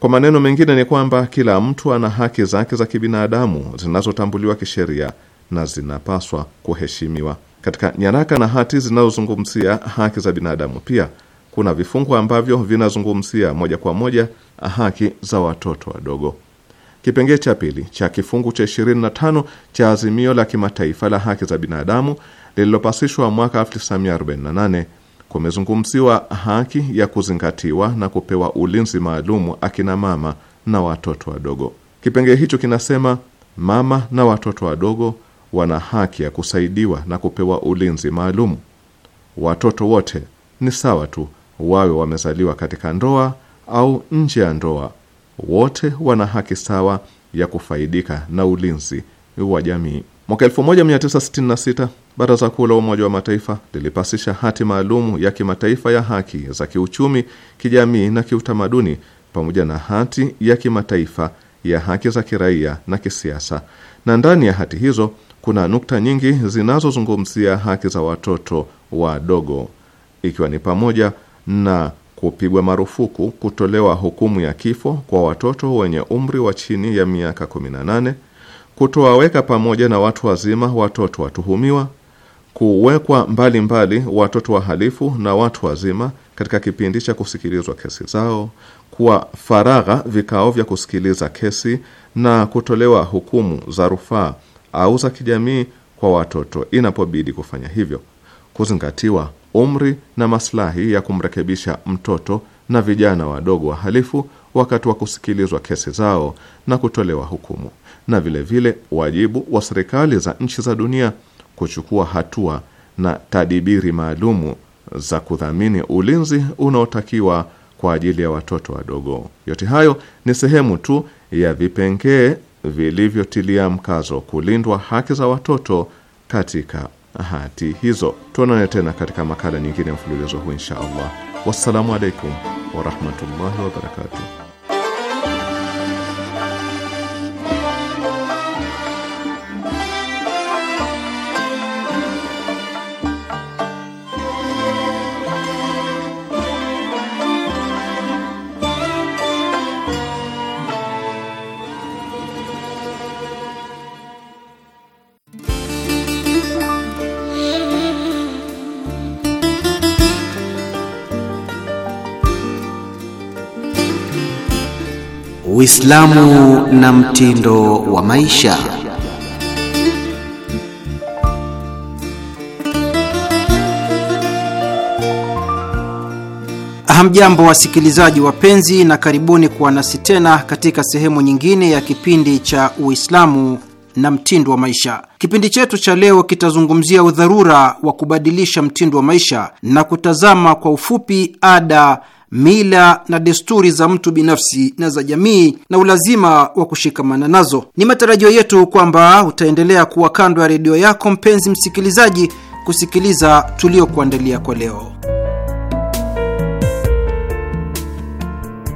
Kwa maneno mengine ni kwamba kila mtu ana haki zake za kibinadamu zinazotambuliwa kisheria na zinapaswa kuheshimiwa. Katika nyaraka na hati zinazozungumzia haki za binadamu pia kuna vifungu ambavyo vinazungumzia moja kwa moja haki za watoto wadogo. Kipengee cha pili cha kifungu cha 25 cha azimio la kimataifa la haki za binadamu lililopasishwa mwaka 1948 kumezungumziwa haki ya kuzingatiwa na kupewa ulinzi maalumu akina mama na watoto wadogo. Kipengee hicho kinasema, mama na watoto wadogo wana haki ya kusaidiwa na kupewa ulinzi maalumu. Watoto wote ni sawa tu wawe wamezaliwa katika ndoa au nje ya ndoa, wote wana haki sawa ya kufaidika na ulinzi wa jamii. Mwaka 1966 Baraza Kuu la Umoja wa Mataifa lilipasisha hati maalumu ya kimataifa ya haki za kiuchumi, kijamii na kiutamaduni pamoja na hati ya kimataifa ya haki za kiraia na kisiasa, na ndani ya hati hizo kuna nukta nyingi zinazozungumzia haki za watoto wadogo wa ikiwa ni pamoja na kupigwa marufuku kutolewa hukumu ya kifo kwa watoto wenye umri wa chini ya miaka 18, kutowaweka pamoja na watu wazima watoto watuhumiwa, kuwekwa mbali mbali watoto wahalifu na watu wazima katika kipindi cha kusikilizwa kesi zao, kuwa faragha vikao vya kusikiliza kesi na kutolewa hukumu za rufaa au za kijamii kwa watoto inapobidi kufanya hivyo kuzingatiwa umri na maslahi ya kumrekebisha mtoto na vijana wadogo wahalifu wakati wa kusikilizwa kesi zao na kutolewa hukumu, na vilevile vile wajibu wa serikali za nchi za dunia kuchukua hatua na tadibiri maalumu za kudhamini ulinzi unaotakiwa kwa ajili ya watoto wadogo. Yote hayo ni sehemu tu ya vipengee vilivyotilia mkazo kulindwa haki za watoto katika hati hizo. Tuonane tena katika makala nyingine ya mfululizo huu insha allah. Wassalamu alaikum warahmatullahi wabarakatuh. Uislamu na mtindo wa maisha. Hamjambo wasikilizaji wapenzi, na karibuni kuwa nasi tena katika sehemu nyingine ya kipindi cha Uislamu na mtindo wa maisha. Kipindi chetu cha leo kitazungumzia udharura wa kubadilisha mtindo wa maisha na kutazama kwa ufupi ada mila na desturi za mtu binafsi na za jamii na ulazima wa kushikamana nazo. Ni matarajio yetu kwamba utaendelea kuwa kando ya redio yako mpenzi msikilizaji, kusikiliza tuliokuandalia kwa leo.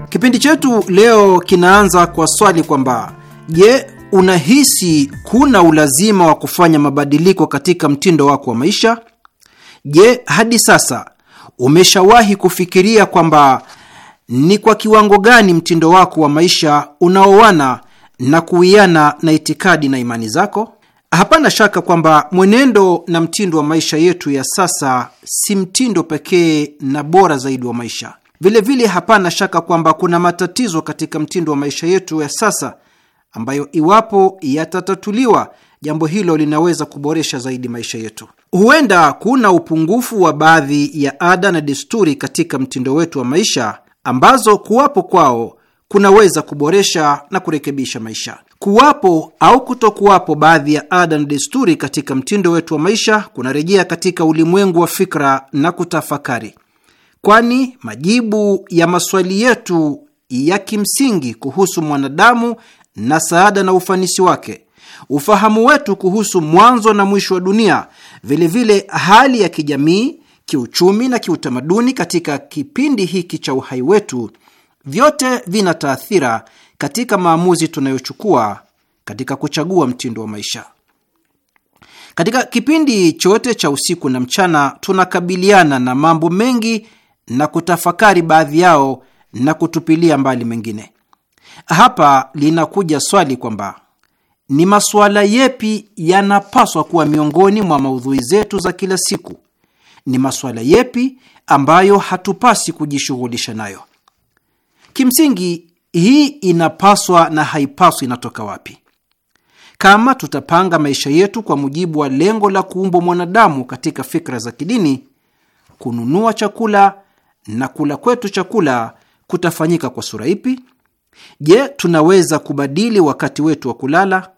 Kipindi chetu leo kinaanza kwa swali kwamba je, unahisi kuna ulazima wa kufanya mabadiliko katika mtindo wako wa maisha? Je, hadi sasa Umeshawahi kufikiria kwamba ni kwa kiwango gani mtindo wako wa maisha unaoana na kuwiana na itikadi na imani zako? Hapana shaka kwamba mwenendo na mtindo wa maisha yetu ya sasa si mtindo pekee na bora zaidi wa maisha. Vilevile vile hapana shaka kwamba kuna matatizo katika mtindo wa maisha yetu ya sasa ambayo iwapo yatatatuliwa jambo hilo linaweza kuboresha zaidi maisha yetu. Huenda kuna upungufu wa baadhi ya ada na desturi katika mtindo wetu wa maisha ambazo kuwapo kwao kunaweza kuboresha na kurekebisha maisha. Kuwapo au kutokuwapo baadhi ya ada na desturi katika mtindo wetu wa maisha kunarejea katika ulimwengu wa fikra na kutafakari, kwani majibu ya maswali yetu ya kimsingi kuhusu mwanadamu na saada na ufanisi wake ufahamu wetu kuhusu mwanzo na mwisho wa dunia, vilevile vile hali ya kijamii, kiuchumi na kiutamaduni katika kipindi hiki cha uhai wetu, vyote vina taathira katika maamuzi tunayochukua katika kuchagua mtindo wa maisha. Katika kipindi chote cha usiku na mchana, tunakabiliana na mambo mengi na kutafakari baadhi yao na kutupilia mbali mengine. Hapa linakuja swali kwamba ni masuala yepi yanapaswa kuwa miongoni mwa maudhui zetu za kila siku? Ni masuala yepi ambayo hatupasi kujishughulisha nayo? Kimsingi, hii inapaswa na haipaswi inatoka wapi? Kama tutapanga maisha yetu kwa mujibu wa lengo la kuumbwa mwanadamu katika fikra za kidini, kununua chakula na kula kwetu chakula kutafanyika kwa sura ipi? Je, tunaweza kubadili wakati wetu wa kulala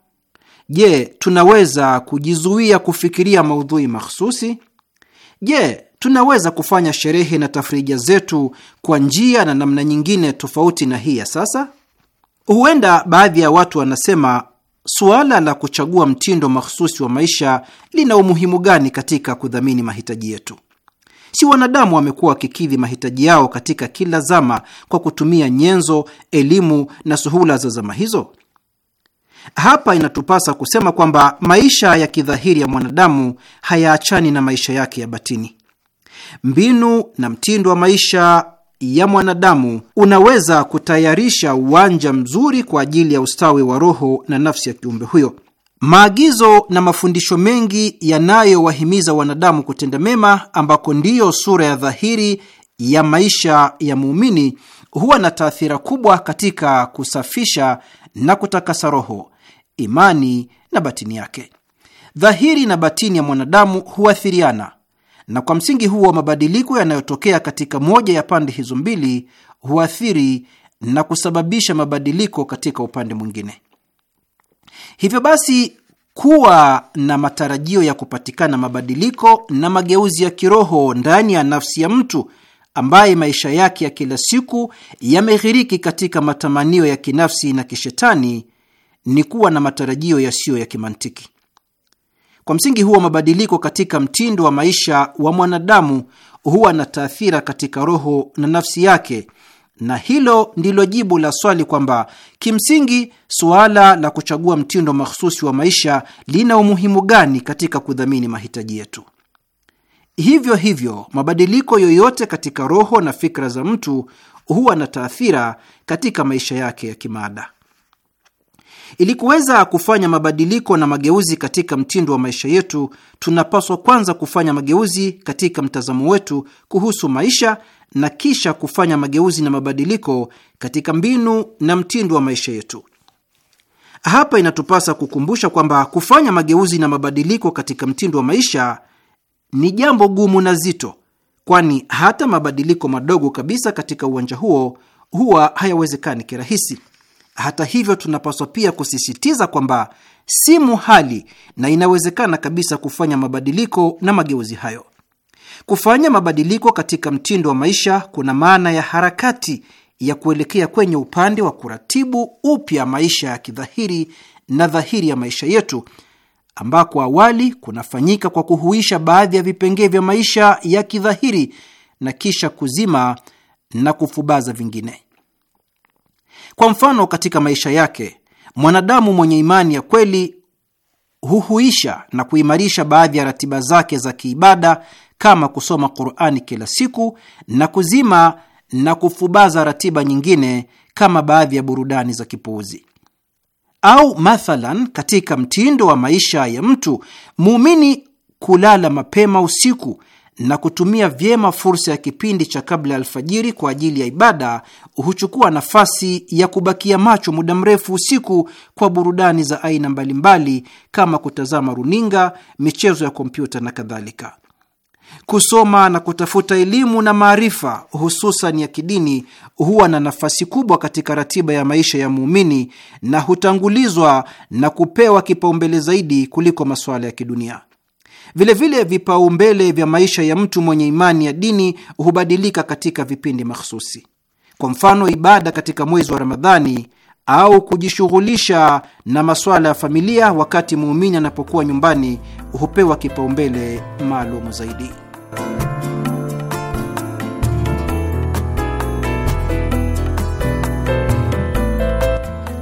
Je, tunaweza kujizuia kufikiria maudhui mahsusi? Je, tunaweza kufanya sherehe na tafrija zetu kwa njia na namna nyingine tofauti na hii ya sasa? Huenda baadhi ya watu wanasema suala la kuchagua mtindo mahsusi wa maisha lina umuhimu gani katika kudhamini mahitaji yetu? Si wanadamu wamekuwa wakikidhi mahitaji yao katika kila zama kwa kutumia nyenzo, elimu na suhula za zama hizo? Hapa inatupasa kusema kwamba maisha ya kidhahiri ya mwanadamu hayaachani na maisha yake ya batini. Mbinu na mtindo wa maisha ya mwanadamu unaweza kutayarisha uwanja mzuri kwa ajili ya ustawi wa roho na nafsi ya kiumbe huyo. Maagizo na mafundisho mengi yanayowahimiza wanadamu kutenda mema, ambako ndiyo sura ya dhahiri ya maisha ya muumini, huwa na taathira kubwa katika kusafisha na kutakasa roho imani na batini yake. Dhahiri na batini ya mwanadamu huathiriana, na kwa msingi huo mabadiliko yanayotokea katika moja ya pande hizo mbili huathiri na kusababisha mabadiliko katika upande mwingine. Hivyo basi, kuwa na matarajio ya kupatikana mabadiliko na mageuzi ya kiroho ndani ya nafsi ya mtu ambaye maisha yake ya kila siku yameghiriki katika matamanio ya kinafsi na kishetani ni kuwa na matarajio yasiyo ya kimantiki. Kwa msingi huo, mabadiliko katika mtindo wa maisha wa mwanadamu huwa na taathira katika roho na nafsi yake, na hilo ndilo jibu la swali kwamba kimsingi suala la kuchagua mtindo mahsusi wa maisha lina umuhimu gani katika kudhamini mahitaji yetu. Hivyo hivyo, mabadiliko yoyote katika roho na fikra za mtu huwa na taathira katika maisha yake ya kimaada. Ili kuweza kufanya mabadiliko na mageuzi katika mtindo wa maisha yetu, tunapaswa kwanza kufanya mageuzi katika mtazamo wetu kuhusu maisha na kisha kufanya mageuzi na mabadiliko katika mbinu na mtindo wa maisha yetu. Hapa inatupasa kukumbusha kwamba kufanya mageuzi na mabadiliko katika mtindo wa maisha ni jambo gumu na zito, kwani hata mabadiliko madogo kabisa katika uwanja huo huwa hayawezekani kirahisi. Hata hivyo, tunapaswa pia kusisitiza kwamba si muhali na inawezekana kabisa kufanya mabadiliko na mageuzi hayo. Kufanya mabadiliko katika mtindo wa maisha kuna maana ya harakati ya kuelekea kwenye upande wa kuratibu upya maisha ya kidhahiri na dhahiri ya maisha yetu ambako awali kunafanyika kwa kuhuisha baadhi ya vipengee vya maisha ya kidhahiri na kisha kuzima na kufubaza vingine. Kwa mfano, katika maisha yake mwanadamu mwenye imani ya kweli huhuisha na kuimarisha baadhi ya ratiba zake za kiibada kama kusoma Qur'ani kila siku na kuzima na kufubaza ratiba nyingine kama baadhi ya burudani za kipuuzi. Au mathalan, katika mtindo wa maisha ya mtu muumini kulala mapema usiku na kutumia vyema fursa ya kipindi cha kabla ya alfajiri kwa ajili ya ibada huchukua nafasi ya kubakia macho muda mrefu usiku kwa burudani za aina mbalimbali kama kutazama runinga, michezo ya kompyuta na kadhalika. Kusoma na kutafuta elimu na maarifa, hususan ya kidini, huwa na nafasi kubwa katika ratiba ya maisha ya muumini na hutangulizwa na kupewa kipaumbele zaidi kuliko masuala ya kidunia. Vilevile, vipaumbele vya maisha ya mtu mwenye imani ya dini hubadilika katika vipindi mahsusi. Kwa mfano, ibada katika mwezi wa Ramadhani au kujishughulisha na masuala ya familia wakati muumini anapokuwa nyumbani hupewa kipaumbele maalumu zaidi.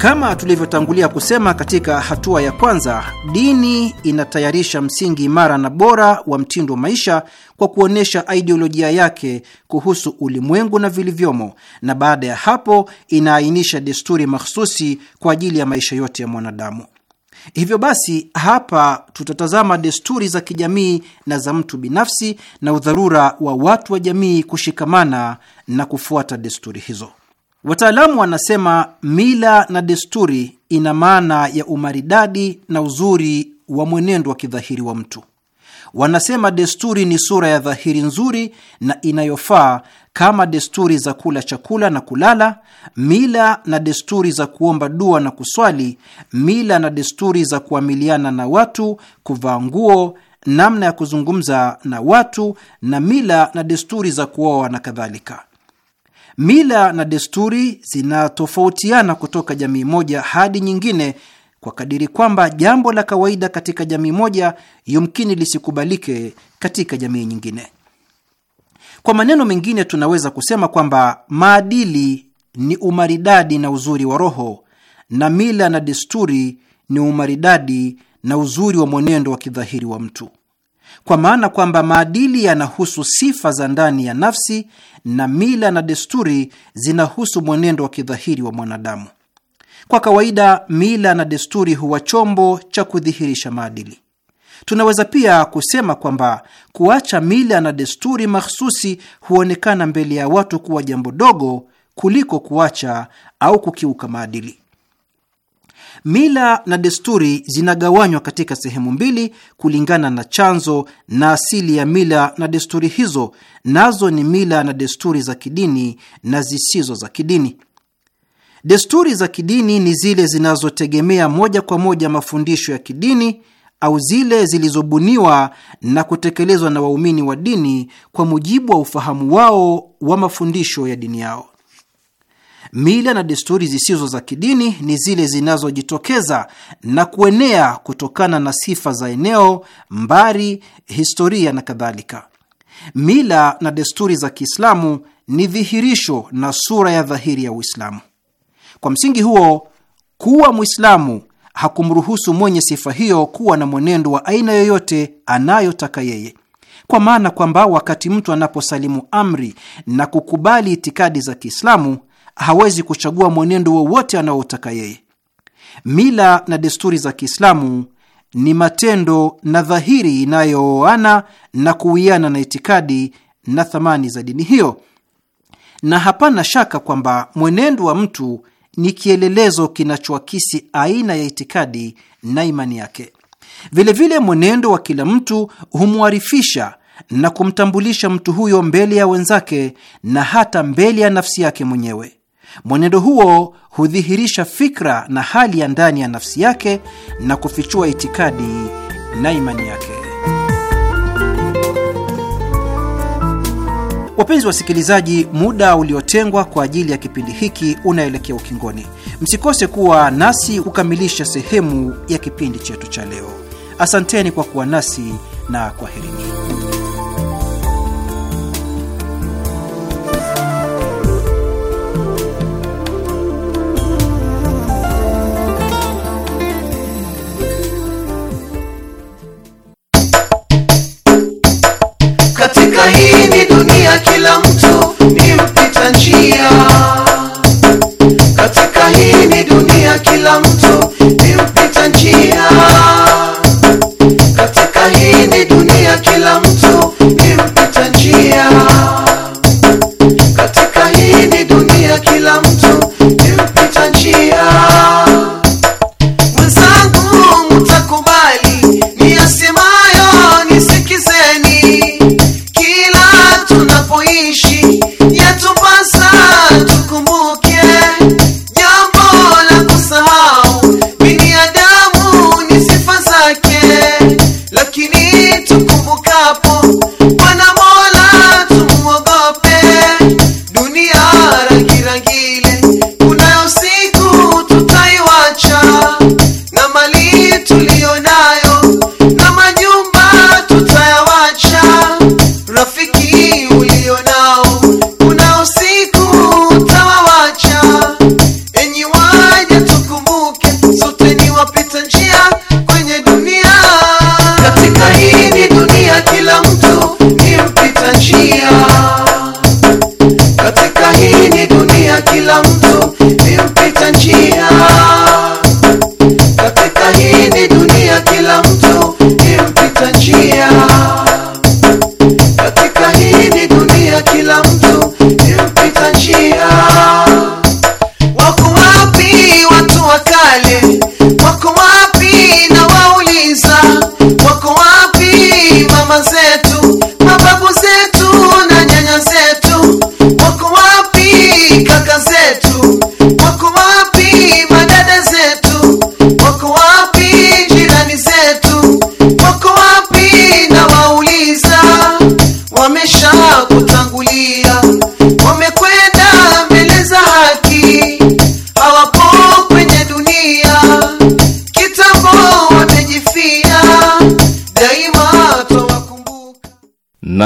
Kama tulivyotangulia kusema katika hatua ya kwanza, dini inatayarisha msingi imara na bora wa mtindo wa maisha kwa kuonyesha idiolojia yake kuhusu ulimwengu na vilivyomo, na baada ya hapo inaainisha desturi mahsusi kwa ajili ya maisha yote ya mwanadamu. Hivyo basi, hapa tutatazama desturi za kijamii na za mtu binafsi na udharura wa watu wa jamii kushikamana na kufuata desturi hizo. Wataalamu wanasema mila na desturi ina maana ya umaridadi na uzuri wa mwenendo wa kidhahiri wa mtu. Wanasema desturi ni sura ya dhahiri nzuri na inayofaa, kama desturi za kula chakula na kulala, mila na desturi za kuomba dua na kuswali, mila na desturi za kuamiliana na watu, kuvaa nguo, namna ya kuzungumza na watu, na mila na desturi za kuoa na kadhalika. Mila na desturi zinatofautiana kutoka jamii moja hadi nyingine kwa kadiri kwamba jambo la kawaida katika jamii moja yumkini lisikubalike katika jamii nyingine. Kwa maneno mengine, tunaweza kusema kwamba maadili ni umaridadi na uzuri wa roho na mila na desturi ni umaridadi na uzuri wa mwenendo wa kidhahiri wa mtu kwa maana kwamba maadili yanahusu sifa za ndani ya nafsi na mila na desturi zinahusu mwenendo wa kidhahiri wa mwanadamu. Kwa kawaida, mila na desturi huwa chombo cha kudhihirisha maadili. Tunaweza pia kusema kwamba kuacha mila na desturi mahsusi huonekana mbele ya watu kuwa jambo dogo kuliko kuacha au kukiuka maadili. Mila na desturi zinagawanywa katika sehemu mbili kulingana na chanzo na asili ya mila na desturi hizo, nazo ni mila na desturi za kidini na zisizo za kidini. Desturi za kidini ni zile zinazotegemea moja kwa moja mafundisho ya kidini au zile zilizobuniwa na kutekelezwa na waumini wa dini kwa mujibu wa ufahamu wao wa mafundisho ya dini yao. Mila na desturi zisizo za kidini ni zile zinazojitokeza na kuenea kutokana na sifa za eneo, mbari, historia na kadhalika. Mila na desturi za Kiislamu ni dhihirisho na sura ya dhahiri ya Uislamu. Kwa msingi huo, kuwa Mwislamu hakumruhusu mwenye sifa hiyo kuwa na mwenendo wa aina yoyote anayotaka yeye, kwa maana kwamba wakati mtu anaposalimu amri na kukubali itikadi za Kiislamu hawezi kuchagua mwenendo wowote anaotaka yeye. Mila na desturi za Kiislamu ni matendo na dhahiri inayooana na kuwiana na itikadi na thamani za dini hiyo, na hapana shaka kwamba mwenendo wa mtu ni kielelezo kinachoakisi aina ya itikadi na imani yake. Vilevile mwenendo wa kila mtu humwarifisha na kumtambulisha mtu huyo mbele ya wenzake na hata mbele ya nafsi yake mwenyewe. Mwenendo huo hudhihirisha fikra na hali ya ndani ya nafsi yake na kufichua itikadi na imani yake. Wapenzi wasikilizaji, muda uliotengwa kwa ajili ya kipindi hiki unaelekea ukingoni. Msikose kuwa nasi kukamilisha sehemu ya kipindi chetu cha leo. Asanteni kwa kuwa nasi na kwaherini.